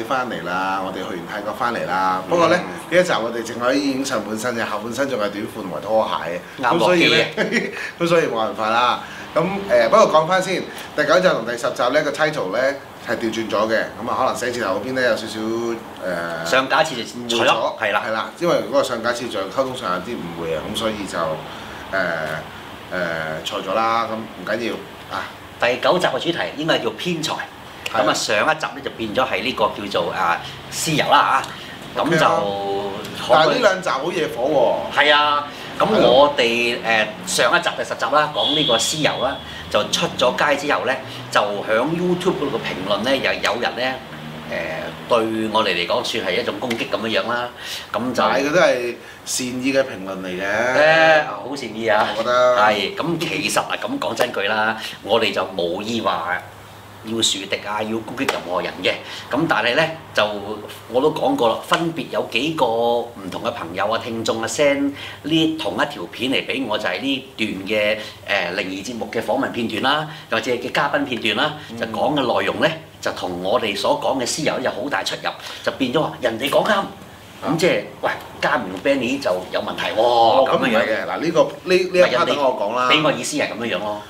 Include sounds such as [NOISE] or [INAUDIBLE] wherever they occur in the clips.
翻嚟啦！我哋去完泰國翻嚟啦。不過呢，呢一集我哋淨可以影上半身嘅，下半身仲係短褲同埋拖鞋。咁所以呢，咁所以冇辦法啦。咁誒，不過講翻先，第九集同第十集呢個 title 呢係調轉咗嘅。咁啊，可能寫字樓嗰邊呢有少少誒。上架次序錯咗，係啦，係啦，因為嗰個上架次序溝通上有啲誤會啊，咁所以就誒誒錯咗啦。咁唔緊要啊。第九集嘅主題應該係叫偏財。咁啊，上一集咧就變咗係呢個叫做啊屍油啦嚇，咁 Okay. 就但係呢兩集好惹火喎、哦。係啊，咁我哋誒的上一集就實習啦，講呢個屍油啦，就出咗街之後咧，就響 YouTube 嗰個評論咧，又有人咧誒的對我哋嚟講算係一種攻擊咁樣樣啦。咁就係佢都係善意嘅評論嚟嘅，好、欸、善意啊。我覺得係咁，其實啊咁講真句啦，我哋就冇意話。要樹敵啊，要攻擊任何人嘅，咁但係咧就我都講過啦，分別有幾個唔同嘅朋友啊、聽眾啊 send 呢同一條片嚟俾我，就係、是、呢段嘅誒、呃、靈異節目嘅訪問片段啦，又或者係嘅嘉賓片段啦，就講嘅內容咧就同我哋所講嘅私有有好大出入，就變咗話人哋講啱，咁、啊、即係喂珈名 Benny 就有問題喎咁、哦哦、樣嘅嗱呢個呢呢一刻等我講啦，俾我意思係咁樣樣咯。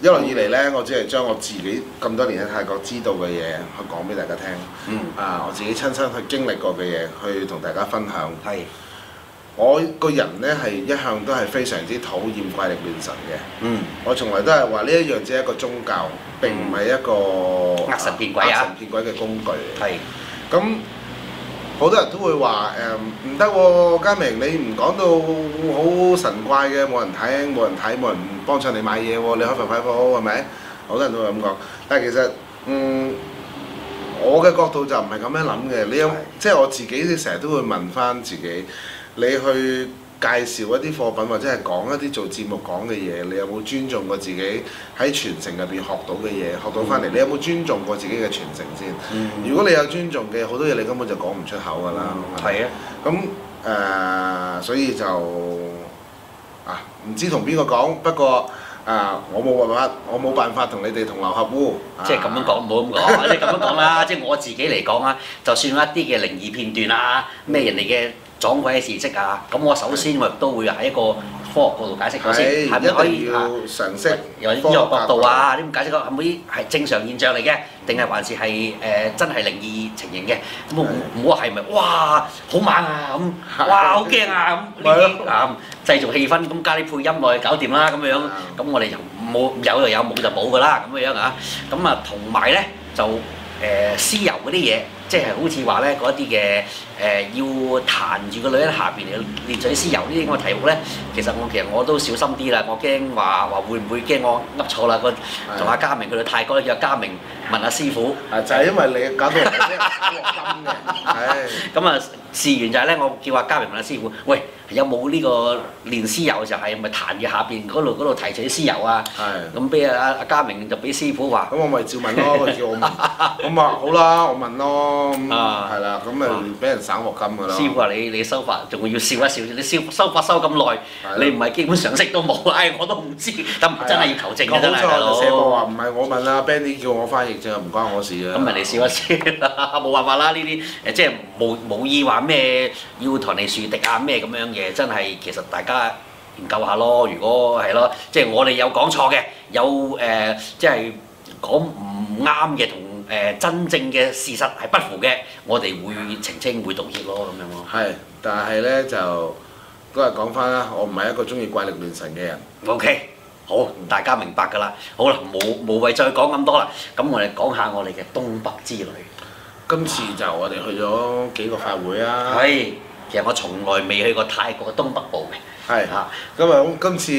一路以嚟呢，Okay. 我只係將我自己咁多年喺泰國知道嘅嘢去講俾大家聽。嗯。啊，我自己親身去經歷過嘅嘢，去同大家分享。係是。我個人呢，係一向都係非常之討厭怪力亂神嘅。嗯。我從來都係話呢一樣只係一個宗教，並唔係一個。呃、嗯、神騙鬼啊！呃神騙鬼嘅工具。係是。咁。好多人都會話誒唔得喎，珈名你唔講到好神怪嘅，冇人睇，冇人睇，冇人幫襯你買嘢、哦、你開翻快，貨係咪？好多人都會咁講，但係其實嗯，我嘅角度就唔係咁樣諗嘅。你有即係的我自己，你成日都會問翻自己，你去介紹一啲貨品或者係講一啲做節目講嘅嘢，你有冇尊重過自己喺傳承入邊學到嘅嘢學到翻嚟？你有冇尊重過自己嘅傳承先？嗯、如果你有尊重嘅，好多嘢你根本就講唔出口㗎啦。係、嗯、啊，咁誒、啊，所以就啊，唔知同邊個講，不過誒、啊，我冇辦法，我冇辦法同你哋同流合污。即係咁樣講，唔好咁講，即係咁樣講啦。即係我自己嚟講啊，就算一啲嘅靈異片段啊，咩人哋嘅。講鬼嘅事跡啊！咁我首先我都會喺一個科學角度解釋佢先，係咪可以啊？由科學角度啊，你咁解釋佢係咪啲係正常現象嚟嘅，定係還是係誒真係靈異情形嘅？咁啊唔好話係唔係哇好猛啊咁，哇好驚啊咁呢啲製造氣氛，咁加啲配音落去搞掂啦咁樣，咁我哋又冇有就有，冇就冇噶啦咁樣啊！咁啊，同埋咧就誒屍油嗰啲嘢，即係好似話咧嗰一啲嘅。誒要彈住個女人下邊嚟提取啲屍油呢啲咁嘅題目咧，其實我其實我都小心啲啦，我驚話話會唔會驚我噏錯啦？同阿嘉明去到泰國，叫阿嘉明問阿師傅，就係因為你搞到我噏嘅。咁啊，事緣就係咧，我叫阿嘉明問阿師傅，喂，有冇呢個提取屍油嘅時候係咪彈住下邊嗰度嗰度提取啲屍油啊？咁俾阿阿嘉明就俾師傅話，咁我咪照問咯，佢叫我問咁啊好啦，我問咯，咁啊，係啦，咁啊。俾人。省鑊金㗎啦！師傅話你你收法仲要笑一笑，你笑收法收咁耐，了你唔係基本常識都冇，唉 [LAUGHS] 我都唔知，真真係要求證㗎真係。我冇錯啊，我話唔係我問啊 [LAUGHS] ，Benny 叫我翻譯就唔關我事啊。咁咪你嘗一嘗笑一笑啦，冇辦法啦呢啲，誒即係冇冇意話咩要同你樹敵啊咩咁樣嘅，真係其實大家研究下咯，如果係咯，即係我哋有講錯嘅，有誒、呃、即係講唔啱嘅同。真正嘅事實係不符嘅，我哋會澄清會道歉咯，咁樣咯。係，但係呢，就嗰日講翻啦，我唔係一個中意怪力亂神嘅人。O、okay, K，好，大家明白㗎啦。好啦，無無謂再講咁多啦。咁我哋講下我哋嘅東北之旅。今次就我哋去咗幾個法會啊。係、哎，其實我從來未去過泰國東北部嘅。係嚇，咁啊今次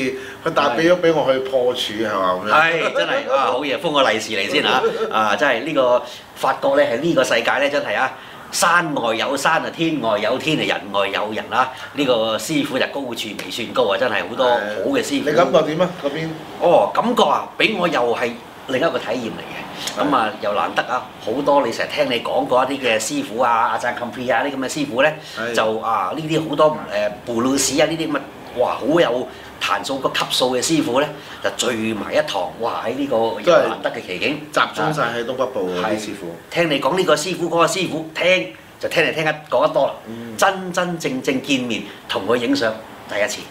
佢打俾咗俾我去破處係嘛咁樣？係真係啊，好嘢，封個利是嚟先嚇！啊，真係呢個發覺咧，係呢個世界咧，真係啊，山外有山啊，天外有天啊，人外有人啦！呢個師傅就高處未算高啊，真係好多好嘅師傅。你感覺點啊？嗰邊？哦，感覺啊，俾我又係另一個體驗嚟嘅。咁啊，又難得啊，好多你成日聽你講過一啲嘅師傅啊，阿贊 Conny 啊啲咁嘅師傅咧，就啊呢啲好多唔 Bruce 啊呢啲乜。哇！好有彈數個級數嘅師傅咧，就聚埋一堂。哇！喺呢個有難得嘅奇景，集中晒喺東北部啲師，師、那個、師傅。聽你講呢個師傅，嗰個師傅聽就聽嚟聽一講得多啦。嗯、真真正正見面同佢影相第一次。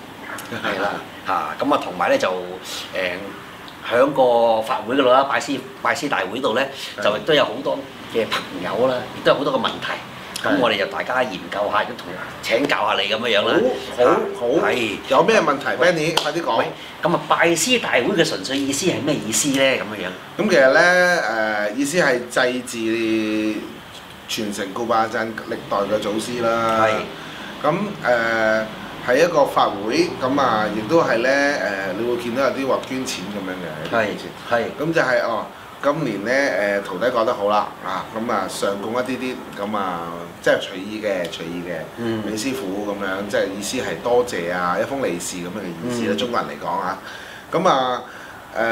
係啦，嚇咁啊，同埋咧就誒響、嗯、個法會度啦，拜師拜師大會度咧的就亦都有好多嘅朋友啦，亦都有好多個問題。咁我哋就大家研究下，都同請教下你咁樣樣啦，係。好好是有咩問題，Benny？喂快啲講。咁啊，拜師大會嘅純粹意思係咩意思咧？咁嘅樣。咁其實咧，誒、呃、意思係祭祀、傳承古巴鎮歷代嘅祖師啦。係、嗯。咁誒係一個法會，咁啊亦都係咧誒，你會見到有啲話捐錢咁樣嘅。係。係。咁就係、是、哦。今年咧，誒徒弟講得好啦，啊咁啊上供一啲啲，咁啊即係隨意嘅，隨意嘅，俾、嗯、師傅咁樣，即係意思係多謝啊，一封利是咁樣嘅意思啦。嗯、中國人嚟講啊，咁啊誒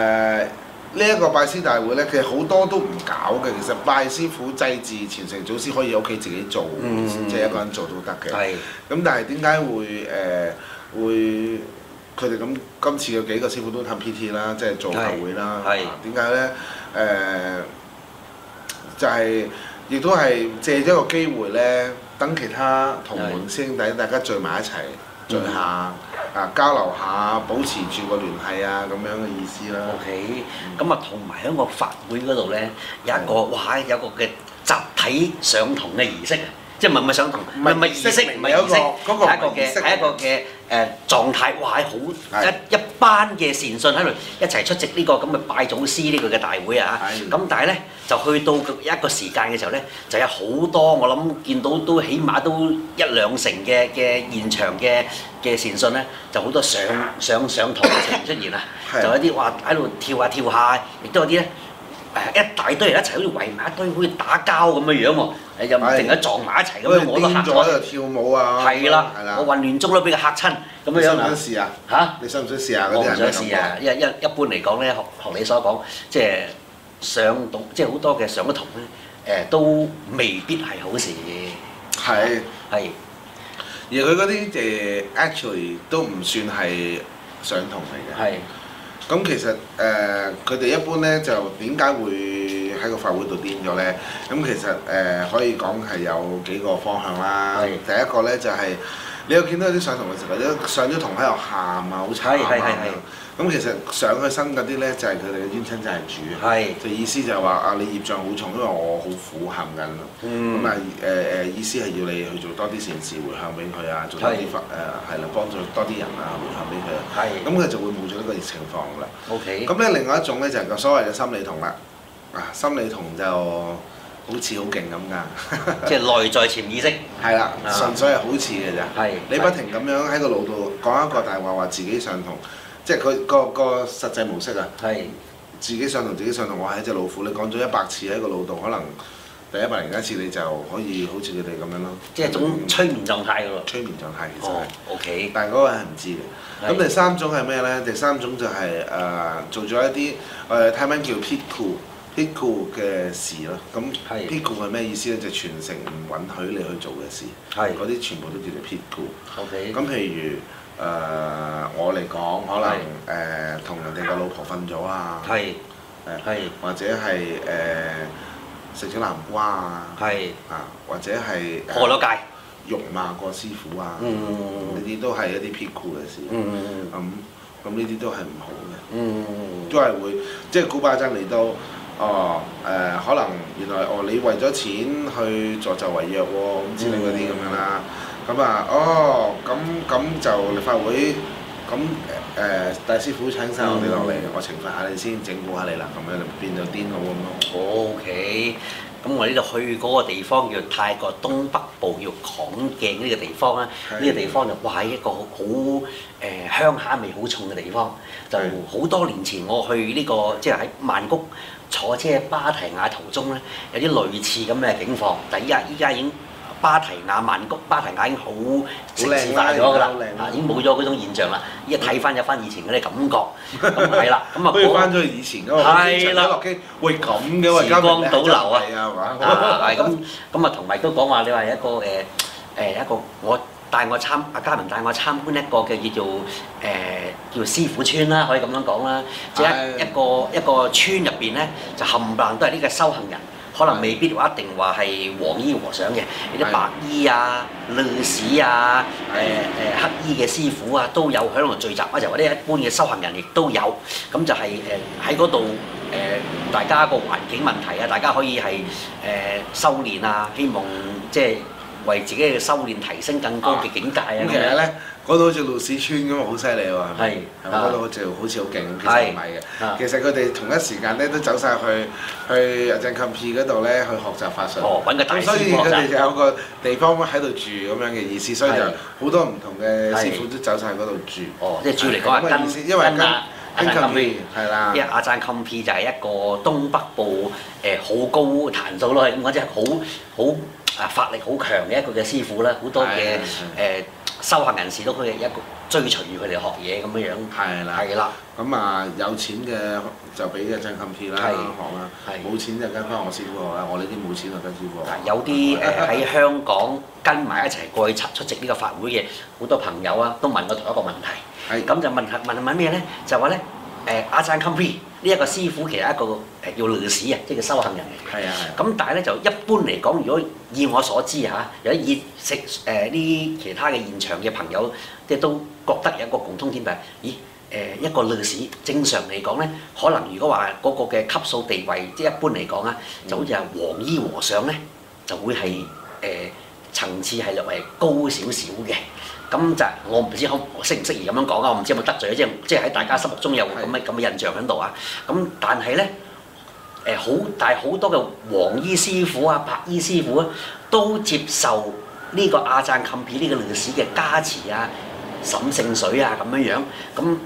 呢一個拜師大會咧，其實好多都唔搞嘅。其實拜師傅祭祀、傳承祖師，可以喺屋企自己做，嗯、即係一個人做都得嘅。係咁、嗯，但係點解會誒、呃、會佢哋咁今次有幾個師傅都探 P T 啦，即係做大會啦？係點解咧？誒、呃、就係、是、亦都係借咗個機會呢，等其他同門師兄弟的大家聚埋一齊，聚下啊、嗯、交流下，保持住個聯繫啊咁樣嘅意思啦。OK，咁啊同埋喺個法會嗰度呢，有一個話，的有一個嘅集體上堂嘅儀式。即係咪咪想同？唔係咪意識？唔係意識？係一個嘅，係一個嘅誒、嗯、狀態。哇！好一是一班嘅善信喺度一齊出席呢、呢個咁嘅拜祖師呢個嘅大會啊！咁的但係咧就去到一個時間嘅時候咧，就有好多我諗見到都起碼都一兩成嘅嘅現場嘅嘅善信咧，就好多上上上堂嘅情出現啦。 [LAUGHS] 的就有一啲話喺度跳下跳下，亦都有啲咧。一大堆人一齊好似圍埋一堆好似打交咁嘅樣喎，又唔定一撞埋一齊咁樣，的我都嚇咗。喺度跳舞啊！係啦的，的我混亂中都俾佢嚇親。咁你想唔想試啊？嚇！你想唔想試啊？我唔想試啊，因一一般嚟講咧，學你所講，即係上到，即係好多嘅上咗堂咧，誒都未必係好事。係係的，啊、而佢嗰啲誒 actually 都唔算係上棟嚟嘅。係。咁其實誒，佢、呃、哋一般咧就點解會喺個法會度癲咗咧？咁其實誒、呃，可以講係有幾個方向啦。是第一個咧就係、是、你有見到有啲上堂嘅時候，啲上咗堂喺度喊啊，好慘啊！是哭咁其實上去身嗰啲咧，就係佢哋嘅冤親債主是，就意思就係話啊，你業障好重，因為我好苦含緊咯，咁啊誒誒，意思係要你去做多啲善事回向俾佢啊，做多啲法誒係啦，幫助多啲人啊，回向俾佢，咁佢是就會冇咗一個情況啦。OK。咁咧，另外一種咧就係個所謂嘅心理同啦，啊心理同就好似好勁咁㗎， [LAUGHS] 即係內在潛意識，係啦， [LAUGHS] 純粹係好似嘅咋，是是你不停咁樣喺個腦度講一個大話話自己上同。即係佢個個實際模式啊！係是自己上當，自己上當。我係一隻老虎，你講咗一百次喺個腦度，可能第一百零一次你就可以好似佢哋咁樣咯。即係種催眠狀態嘅喎。催眠狀態其實係。O K、哦。Okay、但係嗰個係唔知嘅。咁是第三種係咩咧？第三種就係、是、誒、呃、做咗一啲誒泰文叫 Piku Piku 嘅事咯。咁 Piku 係咩意思咧？是就是全程唔允許你去做嘅事。係是。嗰啲全部都叫做 Piku O K。咁譬如。誒、呃、我嚟講，可能誒同是、呃、人哋嘅老婆瞓咗啊，誒或者係誒食咗南瓜啊，啊或者係破咗戒辱罵個師傅啊，呢啲、嗯、都係一啲偏顧嘅事，咁咁呢啲都係唔好嘅，嗯、都係會即係古巴爭嚟到哦誒，可能原來哦你為咗錢去助紂為虐喎，咁之類嗰啲咁樣啦。嗯。咁啊，哦，咁咁就立法會，咁誒大師傅請曬我哋落嚟，嗯、我懲罰下你先，整蠱下你啦，咁樣就變就癲佬咁咯。O K，咁我呢度去嗰個地方叫泰國東北部，叫港鏡呢個地方啦，呢的個地方就哇一個好誒、呃、鄉下味好重嘅地方，的就好多年前我去呢、呢個即係喺曼谷坐車芭提雅途中咧，有啲類似咁嘅境況，但依家依家已經。芭提雅曼谷，芭提雅已經好城市化咗㗎啦，已經冇咗嗰種現象啦。依家睇翻有翻以前嗰啲感覺，咁係啦，咁啊追翻咗以前嗰個機場，落機會咁嘅喎，時光倒流啊！係啊嘛，係咁咁啊，同埋都講話你話一個誒誒一個我帶我參啊，嘉文帶我參觀一個嘅叫做誒叫師傅村啦，可以咁樣講啦，即係一個一個村入邊咧就冚唪唥都係呢個修行人。可能未必一定話係黃衣和尚嘅，有啲白衣啊、道士啊、誒、呃、誒黑衣嘅師傅啊，都有喺度聚集啊，又或者一般嘅修行人亦都有，咁就係誒喺嗰度誒，大家個環境問題啊，大家可以係誒、呃、修練啊，希望即係為自己嘅修練提升更高嘅境界啊。咁其實咧。講到好似露氏村咁好犀利喎，係咪？係，講到好似好似好勁，其實唔係嘅。其實佢哋同一時間咧都走晒去去阿贊肯 P 嗰度咧去學習法術，揾個所以佢哋就有個地方喺度住咁樣嘅意思，所以就好多唔同嘅師傅都走晒嗰度住。哦，即係住嚟講係跟跟阿贊肯 P，係啦。因為阿贊肯 P 就係一個東北部誒好高彈數嚟，我真係好好。啊！法力好強嘅一個嘅師傅啦，好多嘅誒修行人士都去一個追隨住佢哋學嘢咁樣樣。係啦，係啦。咁啊，有錢嘅就俾嘅曾琴鐵啦，學啦；冇的錢就跟翻我師傅。學的我呢啲冇錢啊，跟師父有啲誒喺香港跟埋一齊過去出席呢個法會嘅好多朋友啊，都問過同一個問題。係咁的就問下問下問咩咧？就話咧。誒阿贊 comple 呢一個師傅其實一個誒叫、呃、律師啊，即係叫修行人嘅。係啊，咁但係咧，就一般嚟講，如果以我所知嚇，有啲現食誒呢其他嘅現場嘅朋友，即係都覺得有一個共通點就係，咦誒、呃、一個律師正常嚟講咧，可能如果話嗰、那個嘅級數地位，即係一般嚟講啊，嗯、就好似係黃衣和尚咧，就會係誒層次係略為高少少嘅。咁就係我唔知好，我適唔適宜咁樣講啊！我唔知有冇得罪，即係即係喺大家心目中有咁嘅咁嘅印象喺度啊！咁是的 但係咧，誒好但係好多嘅黃衣師傅啊、白衣師傅啊，都接受呢個阿贊冚片呢個歷史嘅加持啊、沈聖水啊咁樣樣，咁、嗯、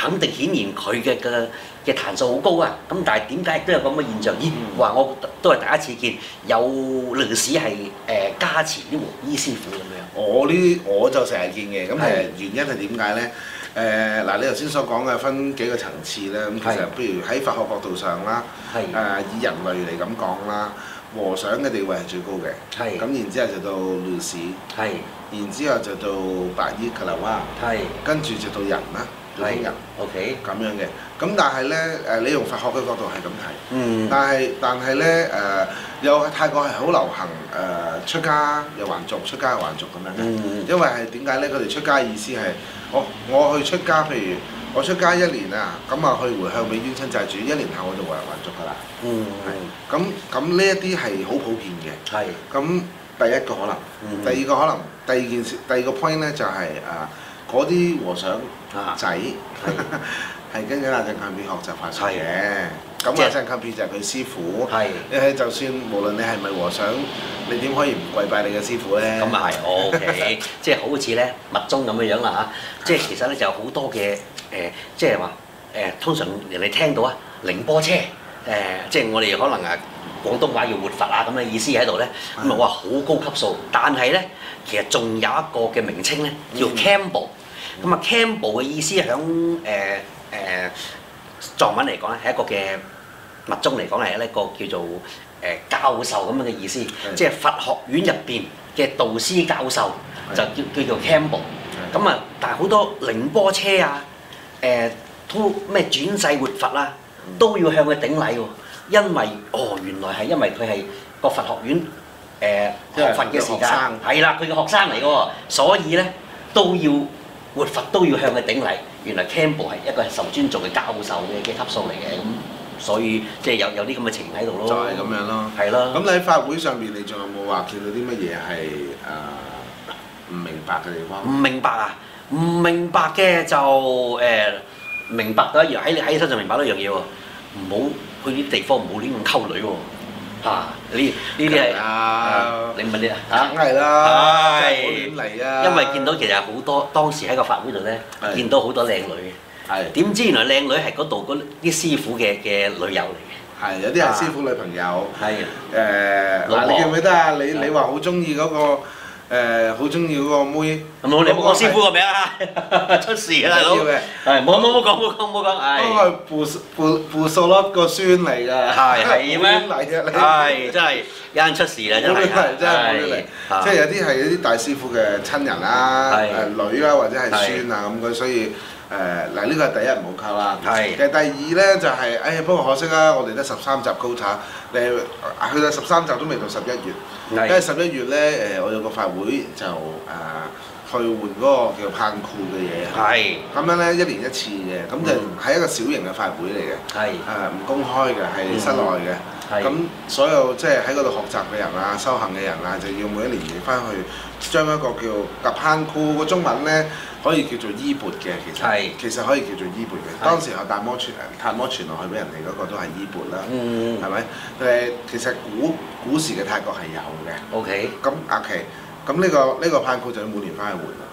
肯定顯然佢嘅嘅。嘅彈數好高啊！咁但係點解都有咁嘅現象？咦，話我都係第一次見有律師係誒加持啲護衣師傅嘅。我呢啲我就成日見嘅。咁誒原因係點解咧？誒、呃、嗱，你頭先所講嘅分幾個層次咧？咁其實譬如喺法學角度上啦，誒、呃、以人類嚟咁講啦，和尚嘅地位係最高嘅。係咁是，然之後就到律師。係是，然之後就到白衣㗋啦。哇是！係，跟住就到人啦。禮儀、mm hmm.，OK，咁樣嘅，咁但係咧，誒、呃，你用佛學嘅角度係咁睇，嗯、mm hmm.，但係但係咧，誒、呃，又泰國係好流行，誒、呃，出家又還俗，出家又還俗咁樣嘅，mm hmm. 因為係點解咧？佢哋出家意思係，我我去出家，譬如我出家一年啊，咁啊去回向俾冤親債主，一年後我就還還俗噶啦，嗯、mm，咁咁呢一啲係好普遍嘅，係、mm，咁、hmm. 第一個可能，第二個可能，第二件事，第二個 point 咧就係、是、誒。啊啊嗰啲和尚仔係跟緊阿正級別學習佛學嘅，咁阿正級別就係佢師傅。係，你係就算無論你係咪和尚，你點可以唔跪拜你嘅師傅咧？咁啊係，O K，即係好似咧密宗咁嘅樣啦嚇，即係其實咧就有好多嘅誒，即係話誒，通常人哋聽到啊《靈波車》，誒，即係我哋可能啊，廣東話要活佛啊咁嘅意思喺度咧，咁啊好高級數，但係咧其實仲有一個嘅名稱咧叫 Campbell。咁啊，Campbell 嘅意思喺誒誒藏文嚟講咧，係一個嘅物種嚟講係一個叫做誒教授咁樣嘅意思，即係佛學院入邊嘅導師教授就叫叫做 Campbell。咁啊，但係好多寧波車啊，誒，咩轉世活佛啦，都要向佢頂禮喎，因為哦原來係因為佢係個佛學院誒學佛嘅時間，係啦，佢嘅學生嚟喎，所以咧都要。活佛都要向佢頂禮，原來 Campbell 係一個受尊重嘅教授嘅級數嚟嘅，咁、嗯、所以即係有有啲咁嘅情喺度咯。就係、是、咁樣咯，係咯、啊。咁、啊、你喺法會上面你有有，你仲有冇話見到啲乜嘢係誒唔明白嘅地方？唔明白啊？唔明白嘅就誒、呃、明白咗一樣喺你喺身上明白咗一樣嘢喎，唔好去啲地方唔好亂咁溝女喎。嗯啊！呢呢啲係，啊啊、你問啲啊梗係啦，真係點嚟啊！因為見到其實好多當時喺個法會度咧，是見到好多靚女嘅，係點是知原來靚女係嗰度啲師傅嘅嘅女友嚟嘅，係有啲係師傅女朋友，係誒嗱，你記唔記得啊？你你話好中意嗰個。誒好鍾意個妹，咁我我師傅個名啊，出事啊大佬，係冇冇冇講冇講冇講，係傅傅傅少立個孫嚟㗎，係係咩？係真係有人出事啦，真係，真係真係，即係有啲係啲大師傅嘅親人啦，誒女啦或者係孫啊咁佢，所以。誒嗱，呢、呃這個係第一唔好嘅啦。係。其實是第二咧就係、是，哎不過可惜啦，我哋得十三集 quota。誒、呃，去到十三集都未到十一月。係是。因為十一月咧，誒、呃，我有個法會就誒、呃、去換嗰個叫攀酷嘅嘢。係是。咁樣咧，一年一次嘅，咁就係一個小型嘅法會嚟嘅。係、嗯。誒、啊，唔公開嘅，係室內嘅。係、嗯。咁、嗯、所有即係喺嗰度學習嘅人啊，修行嘅人啊，就要每一年翻去。將一個叫夾坑箍，個中文咧可以叫做衣缽嘅，其實係其實可以叫做衣缽嘅。當時阿大摩傳，大是摩傳落去俾人哋嗰個都係衣缽啦，係咪？誒、嗯？其實古古時嘅泰國係有嘅。O K，咁阿奇。Okay. 咁呢個呢個 passport 就要每年翻去換啦。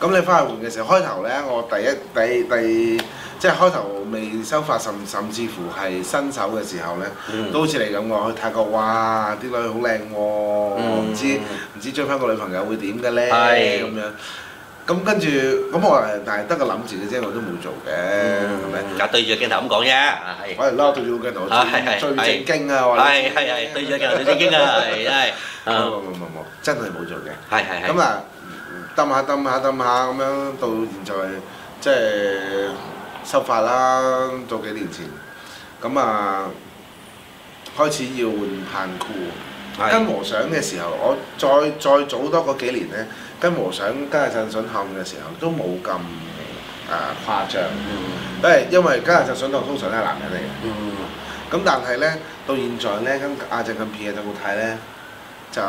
咁你翻去換嘅時候，開頭呢，我第一第一第二即係開頭未收發，甚甚至乎係新手嘅時候呢，嗯、都好似你咁嘅去泰國，哇！啲女好靚喎，唔、嗯、知唔知追翻個女朋友會點嘅咧咁樣呢。咁跟住，咁我係，但係得個諗住嘅啫，我都冇做嘅，咁樣，而家對住鏡頭咁講啫，我哋撈到條鏡頭最最正經啊！係係係，對住鏡頭最正經啊！係真係，冇冇冇冇，真係冇做嘅，係係係。咁啊，抌下抌下抌下咁樣，到現在即係收法啦，到幾年前，咁啊開始要換硬褲。跟和尚嘅時候，我再再早多嗰幾年咧。跟和尚、跟阿震、想喊嘅時候都冇咁誒誇張，都係因為跟阿震、想唐通常都係男人嚟嘅。咁但係咧，到現在咧，跟阿震、咁別嘅就穆泰咧，就誒，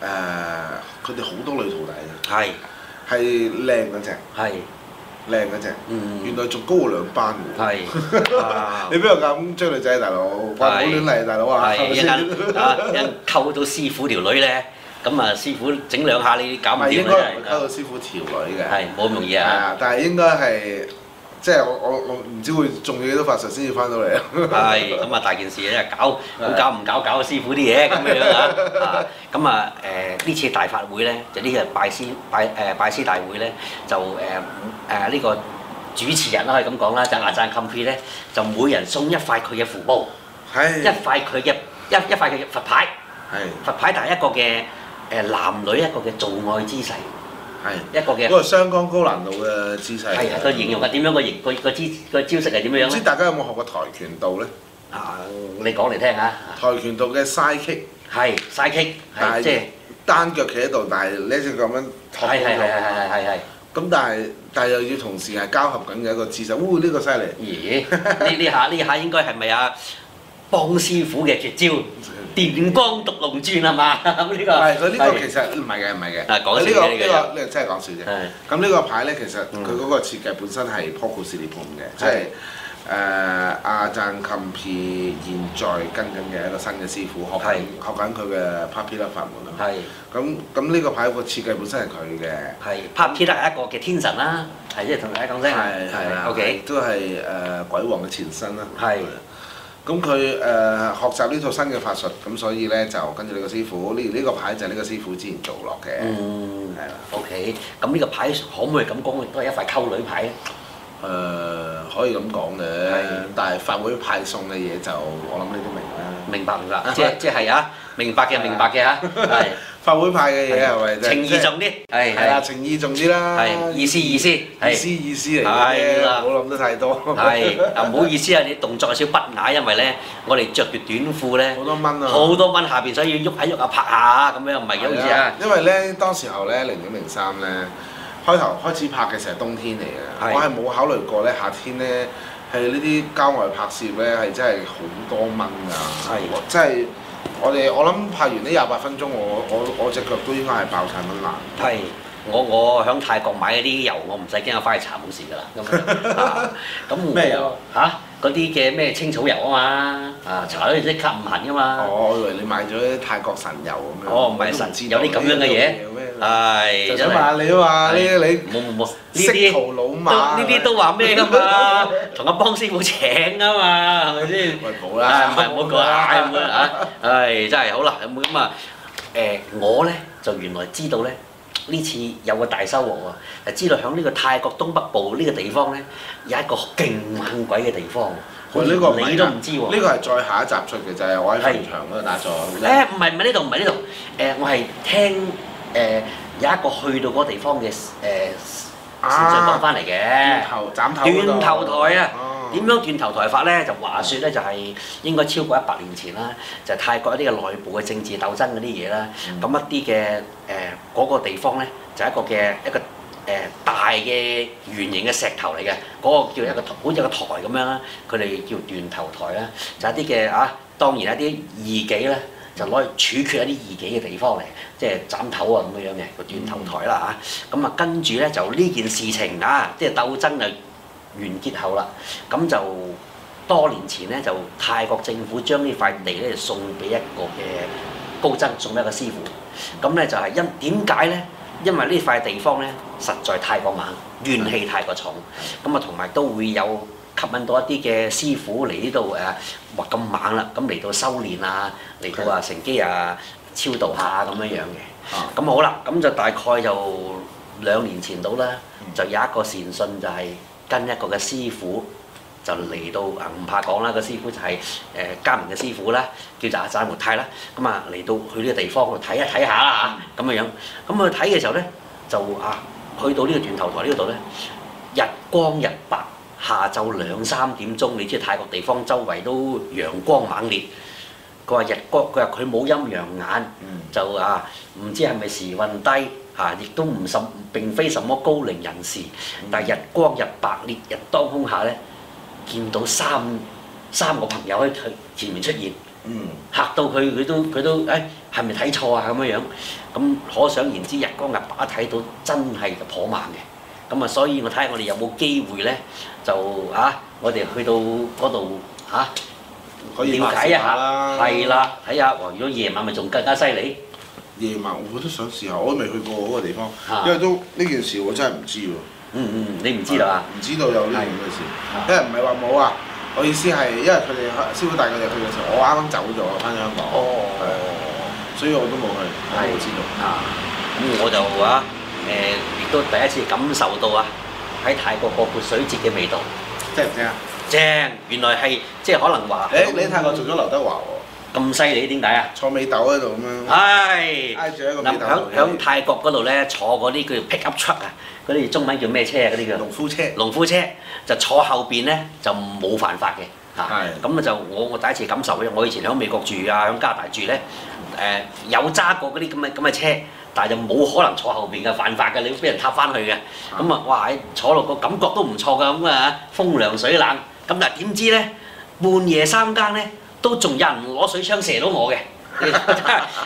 佢哋好多女徒弟嘅。係，係靚嗰隻，係靚嗰隻，原來仲高過兩班喎。係你邊個咁追女仔大佬？怪唔亂嚟，大佬啊！一間一間溝到師傅條女咧。咁啊，師傅整兩下你搞唔掂咧？係應該，應該，我覺得師傅條女嘅。係冇咁容易啊。但係應該係，即係我我我唔知會仲要幾多法術先至翻到嚟。係咁啊， [LAUGHS] 就係、大件事咧，搞，咁搞唔搞？搞師傅啲嘢咁樣嚇。咁啊誒，呢、嗯嗯、次大法會咧，就呢日拜師拜誒拜師大會咧，就誒誒呢個主持人啦，可以咁講啦，就阿贊 Kampi 咧，就每人送一塊佢嘅符布的，一塊佢嘅一一塊嘅佛牌，佛牌大一個嘅。誒男女一個嘅做愛姿勢，係一個嘅嗰個相當高難度嘅姿勢，係啊，佢形容係點樣？個形個個姿個招式係點樣咧？唔知大家有冇學過跆拳道咧？啊，你講嚟聽下。跆拳道嘅嘥踢，係嘥踢，即係單腳企喺度，但係呢隻腳咁樣，係係係係係係係。咁但係但係又要同時係交合緊嘅一個姿勢，哇！呢個犀利。咦？呢呢下呢下應該係咪啊？幫師傅嘅絕招電光獨龍轉係嘛？呢個係所以呢個其實唔係嘅，唔係嘅。係講笑，呢個呢個呢個真係講笑啫。咁呢個牌咧，其實佢嗰個設計本身係 Poco 系列盤嘅，即係誒阿讚琴皮現在跟緊嘅一個新嘅師傅學緊學緊佢嘅 Papila 法門啊。係，咁咁呢個牌嘅設計本身係佢嘅。係 Papila 一個嘅天神啦，係，即係同大家講聲，係係 O K 都係誒鬼王嘅前身啦。係。咁佢誒學習呢套新嘅法術，咁所以咧就跟住呢個師傅，呢呢個牌就係呢個師傅之前做落嘅，係啦。OK，咁呢個牌可唔可以咁講？亦都係一塊溝女牌？誒，可以咁講嘅，但係法會派送嘅嘢就我諗你都明啦。明白唔啦？即即係啊，明白嘅，明白嘅嚇，係。法會派嘅嘢係咪？情意重啲，係係啦，情意重啲啦，意思意思，意思意思嚟，係冇諗得太多。係，唔好意思啊，你動作有少不雅，因為咧，我哋着住短褲咧，好多蚊啊，好多蚊下邊，所以要喐下喐下拍下咁樣，唔係幾好嘅。因為咧，當時候咧，零點零三咧，開頭開始拍嘅時候係冬天嚟嘅，我係冇考慮過咧，夏天咧喺呢啲郊外拍攝咧，係真係好多蚊啊，真係。我哋我諗拍完呢廿八分鐘，我我我隻腳都應該係爆曬蚊瘌。係，我我喺泰國買嗰啲油，我唔使驚，我翻去搽冇事噶啦。咁咁、 [LAUGHS] 啊，咩油嚇？麼嗰啲嘅咩青草油啊嘛，啊搽咗即刻唔行噶嘛。我以為你買咗啲泰國神油咁樣。哦，唔係神仙，有啲咁樣嘅嘢。係。想話你啊嘛？你，你。冇冇冇。識途老馬。呢啲都話咩噶嘛？同阿邦師傅請噶嘛，係咪先？喂，冇啦。唔係冇講啦。唔會啊。係真係好啦，有冇？咁啊。誒，我咧就原來知道咧。呢次有個大收穫喎，知道喺呢個泰國東北部呢個地方咧有一個勁猛鬼嘅地方，呢、哦這個、你都唔知，呢個係再下一集出嘅就係、是、我喺現場嗰度打咗。誒唔係唔係呢度唔係呢度，誒是、哎呃、我係聽誒、呃、有一個去到嗰個地方嘅誒先生講翻嚟嘅，斬頭斷頭台啊！點樣斷頭台法咧？就話説咧，就係應該超過一百年前啦。就係、泰國一啲嘅內部嘅政治鬥爭嗰啲嘢啦，咁一啲嘅誒嗰個地方咧，就係、一個嘅一個誒、呃、大嘅圓形嘅石頭嚟嘅，嗰、嗰個叫一個好似一個台咁樣啦。佢哋叫斷頭台啦，就係、一啲嘅啊，當然一啲異己咧，就攞去處決一啲異己嘅地方嚟，即係斬頭啊咁樣嘅、嗰個斷頭台啦嚇。咁啊、嗯、跟住咧就呢件事情啊，即、就、係、是、鬥爭啊。完結後啦，咁就多年前咧，就泰國政府將呢塊地咧送俾一個嘅高僧，送俾一個師傅。咁咧就係因點解咧？因為呢塊地方咧實在太過猛，怨氣太過重，咁啊同埋都會有吸引到一啲嘅師傅嚟呢度誒哇咁猛啦，咁嚟到修煉啊，嚟、嗯、到啊乘機啊超度下咁、啊、樣樣嘅。咁、嗯嗯、好啦，咁就大概就兩年前到啦，就有一個善信就係、是。跟一個嘅師傅就嚟到啊，唔怕講啦，個師傅就係誒珈名嘅師傅啦，叫做阿贊活泰啦。咁啊嚟到去呢個地方度睇一睇下啦嚇，咁嘅樣，樣。咁啊睇嘅時候咧，就啊去到呢個斷頭台呢度咧，日光日白，下晝兩三點鐘，你知泰國地方周圍都陽光猛烈。佢話日光，佢話佢冇陰陽眼，嗯、就啊唔知係咪時運低。嚇！亦都唔甚，並非什麼高靈人士，但係日光日白烈、烈日當空下咧，見到三三個朋友喺佢前面出現，嗯，嚇到佢，佢都佢都誒係咪睇錯啊咁樣樣？咁可想而知，日光日白睇到真係就頗猛嘅。咁啊，所以我睇下我哋有冇機會咧，就啊，我哋去到嗰度吓了解一下，係啦，睇下、哦、如果夜晚咪仲更加犀利。夜晚我，我都想試下，我都未去過嗰個地方，因為都呢件事我真係唔知喎。嗯嗯，你唔知道啊？唔知道有呢件事，即係唔係話冇啊？我意思係，因為佢哋師傅帶佢哋去嘅時候，我啱啱走咗，翻香港。哦哦，所以我都冇去，我冇知道。啊，咁我就話誒，亦、呃、都第一次感受到啊，喺泰國個潑水節嘅味道。正唔正啊？正，原來係即係可能話誒，欸、你喺泰國做咗劉德華喎。咁犀利點解啊？坐尾斗喺度咁樣。係的。挨住喺個尾斗嚟響泰國嗰度咧，坐嗰啲叫 pickup truck 啊，嗰啲中文叫咩車啊？嗰啲叫農夫車。農夫車就坐後邊咧就冇犯法嘅嚇。咁的、啊、就我我第一次感受我以前響美國住啊，響加拿大住咧，誒、呃、有揸過嗰啲咁嘅咁嘅車，但係就冇可能坐後邊嘅，犯法嘅，你會俾人撻翻去嘅。咁、嗯、啊，哇！坐落個感覺都唔錯嘅咁啊，風涼水冷。咁但係點知咧？半夜三更咧。呢呢都仲有人攞水槍射到我嘅，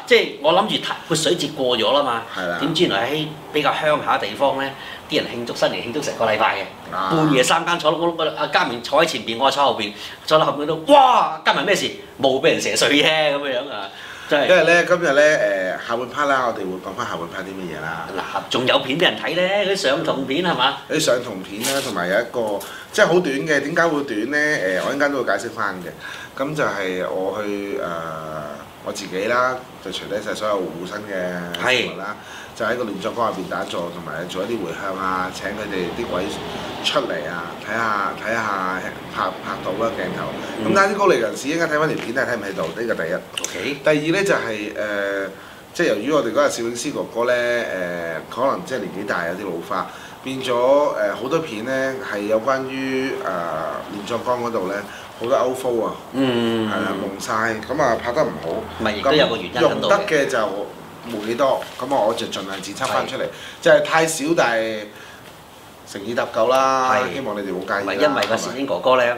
即係 [LAUGHS] [LAUGHS] 我諗住潑水節過咗啦嘛，點知 [LAUGHS] 原來喺比較鄉下地方咧，啲人慶祝新年慶祝成個禮拜嘅，半夜三更坐喺屋，阿家明坐喺前邊，我坐後邊，坐到後面都「哇，家明咩事？冇俾人射水啫咁樣啊！因為咧，今日咧，誒、呃、下半 part 啦，我哋會講翻下半 part 啲乜嘢啦。嗱，仲有片俾人睇咧，啲上同片係嘛？啲上同片啦，同埋有一個即係好短嘅，點解會短咧？誒、呃，我陣間都會解釋翻嘅。咁就係我去誒、呃、我自己啦，就除低曬所有護身嘅事啦。就喺個亂葬崗入邊打坐，同埋做一啲回向啊，請佢哋啲鬼出嚟啊，睇下睇下拍拍到個鏡頭。咁、嗯、但係啲高齡人士應該睇翻條片咧睇唔喺度，呢個第一。Okay? Okay. 第二咧就係、是、誒，即、呃、係、就是、由於我哋嗰日攝影師哥哥咧誒、呃，可能即係年紀大有啲老化，變咗誒好多片咧係有關於誒亂、呃、葬崗嗰度咧好多 out focus 啊，係啊、嗯，蒙晒、嗯，咁、嗯、啊拍得唔好。唔係亦有個原因用得嘅就是。冇幾多，咁啊，我就盡量自測翻出嚟，是即係太少，但係誠意搭救啦，是希望你哋冇介意，因為個攝影哥哥咧，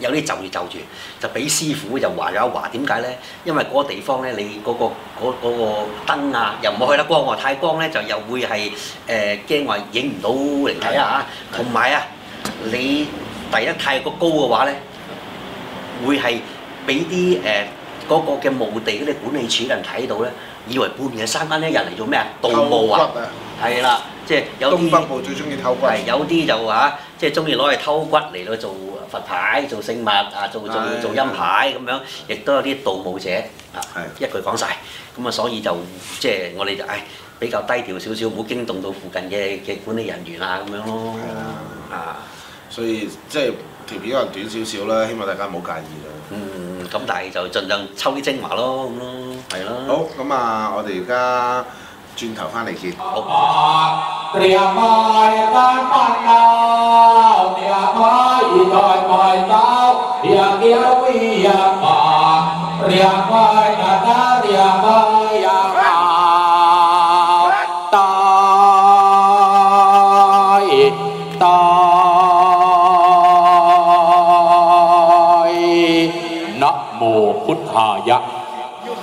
有啲就住就住，就俾師傅就話有話點解咧？因為嗰個地方咧，你嗰、那個嗰、那個、燈啊，又唔好去得光啊，的太光咧就又會係誒驚話影唔到嚟睇啊！同埋的啊，你第一太過高嘅話咧，會係俾啲誒嗰個嘅墓地啲、那個、管理處嘅人睇到咧。以為半夜三更一日嚟做咩啊？盜墓啊，係啦，即係有啲東北部最中意偷骨， [NOISE] 嗯、有啲就話，即係中意攞嚟偷骨嚟到做佛牌、做聖物啊、做做做陰牌咁樣，亦都有啲盜墓者的啊，一句講晒咁啊，的所以就即係、就是、我哋就唉，比較低調少少，唔好驚動到附近嘅嘅管理人員啊咁樣咯。係啊的，啊、嗯，所以即係。就是條片可能短少少啦，希望大家冇介意啦。嗯，咁但係就盡量抽啲精華咯，咁咯，係咯。好，咁啊，我哋而家轉頭翻嚟見。好 [MUSIC]